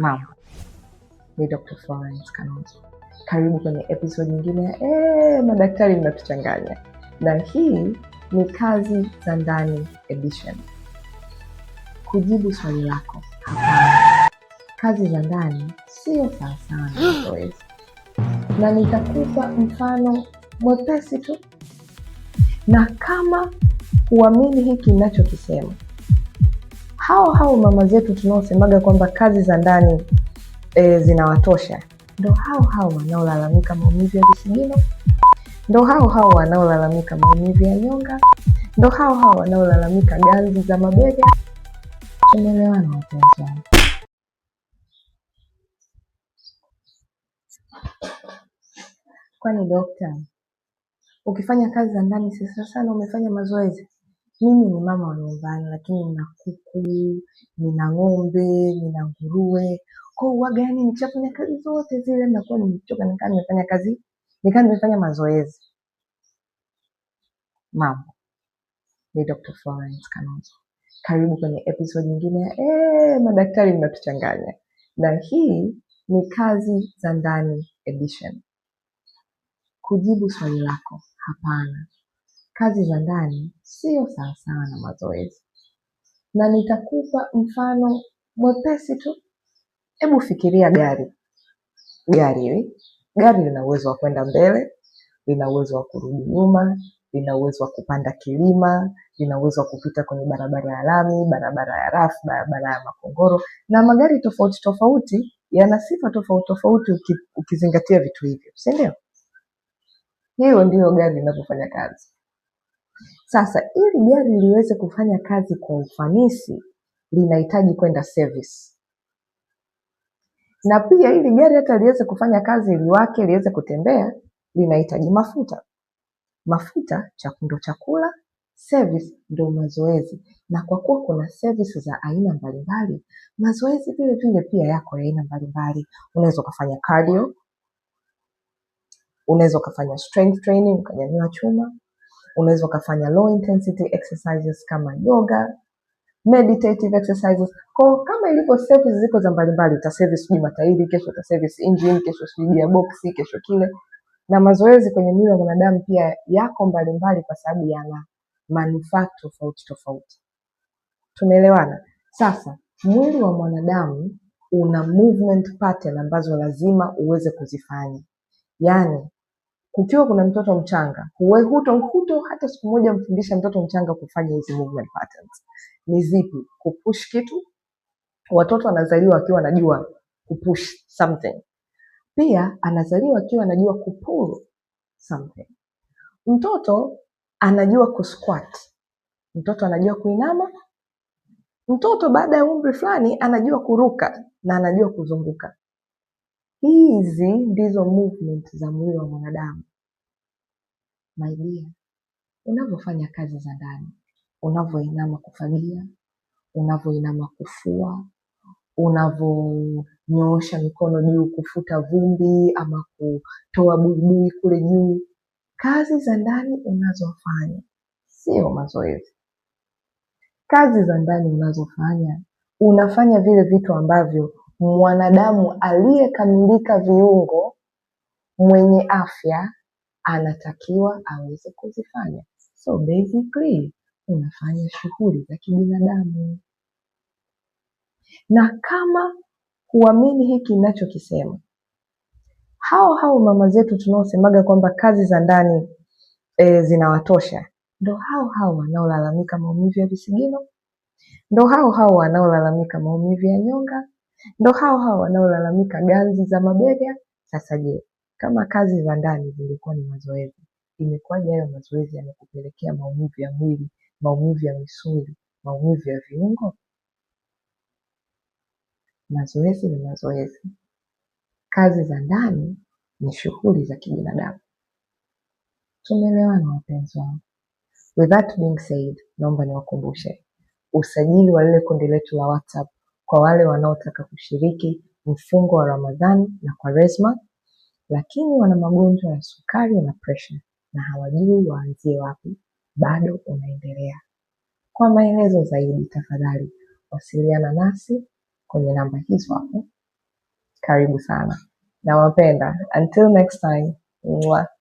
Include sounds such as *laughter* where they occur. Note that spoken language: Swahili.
Naam, ni Dr. Florence Kanonzo. Karibu kwenye episode nyingine ya eh, ee, madaktari mnatuchanganya, na hii ni kazi za ndani edition. Kujibu swali lako, kazi za ndani sio sawa na zoezi, *gasps* na nitakupa mfano mwepesi tu, na kama huamini hiki ninachokisema hao hao mama zetu tunaosemaga kwamba kazi za ndani e, zinawatosha ndo hao hao wanaolalamika maumivu ya visigino, ndo hao hao wanaolalamika maumivu ya nyonga, ndo hao hao wanaolalamika ganzi za mabega. Tumeelewana wapenzi Kwani dokta, ukifanya kazi za ndani sasa sana umefanya mazoezi mimi ni mama wa nyumbani, lakini nina kuku, nina ng'ombe, nina nguruwe. Kwa hiyo huwaga yani nikishafanya kazi zote zile nakuwa nimechoka, nikaa nimefanya kazi, nikaa nimefanya mazoezi. Mambo ni Dr. Florence Kanozo, karibu kwenye episode nyingine ya eh, madaktari mnatuchanganya, na hii ni kazi za ndani edition. Kujibu swali lako, hapana, kazi za ndani sio sawasawa na mazoezi, na nitakupa mfano mwepesi tu. Hebu fikiria gari, gari hili gari lina uwezo wa kwenda mbele, lina uwezo wa kurudi nyuma, lina uwezo wa kupanda kilima, lina uwezo wa kupita kwenye barabara ya lami, barabara ya rafu, barabara ya makongoro, na magari tofauti tofauti yana sifa tofauti tofauti, ukizingatia vitu hivyo, si ndio? Hiyo ndiyo gari linavyofanya kazi. Sasa ili gari liweze kufanya kazi kwa ufanisi, linahitaji kwenda service, na pia ili gari hata liweze kufanya kazi, liwake liweze kutembea, linahitaji mafuta. Mafuta ndo chakula, service ndo mazoezi. Na kwa kuwa kuna service za aina mbalimbali, mazoezi vile vile pia yako ya aina mbalimbali. Unaweza ukafanya cardio, unaweza ukafanya strength training, ukanyanyua chuma Unaweza ukafanya low intensity exercises kama yoga, meditative exercises. Kwa kama ilivyo service ziko za mbalimbali, service sijui matairi, kesho service engine, kesho sijui box kesho kile. Na mazoezi kwenye mwili wa mwanadamu pia yako mbalimbali kwa sababu yana manufaa tofauti tofauti. Tumeelewana? Sasa mwili wa mwanadamu una movement pattern ambazo lazima uweze kuzifanya, yani kukiwa kuna mtoto mchanga huwe huto huto hata siku moja mfundisha mtoto mchanga kufanya hizi movement patterns. Ni zipi? Kupush kitu. Watoto anazaliwa akiwa anajua kupush something, pia anazaliwa akiwa anajua kupull something. Mtoto anajua kusquat, mtoto anajua kuinama, mtoto baada ya umri fulani anajua kuruka na anajua kuzunguka. Hizi ndizo movement za mwili wa mwanadamu maidia unavyofanya kazi za ndani, unavyoinama kufagia, unavyoinama kufua, unavyonyoosha mikono juu kufuta vumbi ama kutoa buibui kule juu. Kazi za ndani unazofanya sio mazoezi. Kazi za ndani unazofanya unafanya vile vitu ambavyo mwanadamu aliyekamilika viungo, mwenye afya anatakiwa aweze kuzifanya. So basically unafanya shughuli za kibinadamu, na kama huamini hiki ninachokisema, hao hao mama zetu tunaosemaga kwamba kazi za ndani e, zinawatosha ndo hao hao wanaolalamika maumivu ya visigino, ndo hao hao wanaolalamika maumivu ya nyonga ndo hao hao wanaolalamika ganzi za mabega. Sasa je, kama kazi za ndani zilikuwa ni mazoezi, imekuwaje hayo mazoezi yanakupelekea maumivu ya mwili, maumivu ya misuli, maumivu ya viungo? Mazoezi ni mazoezi, kazi za ndani ni shughuli za kibinadamu. Tumeelewana wapenzi wangu? With that being said, naomba niwakumbushe usajili wa lile kundi letu la WhatsApp kwa wale wanaotaka kushiriki mfungo wa Ramadhani na Kwaresma, lakini wana magonjwa ya sukari na presha na hawajui waanzie wapi, bado unaendelea. Kwa maelezo zaidi, tafadhali wasiliana nasi kwenye namba hizo hapo. Karibu sana, nawapenda. Until next time, mwah.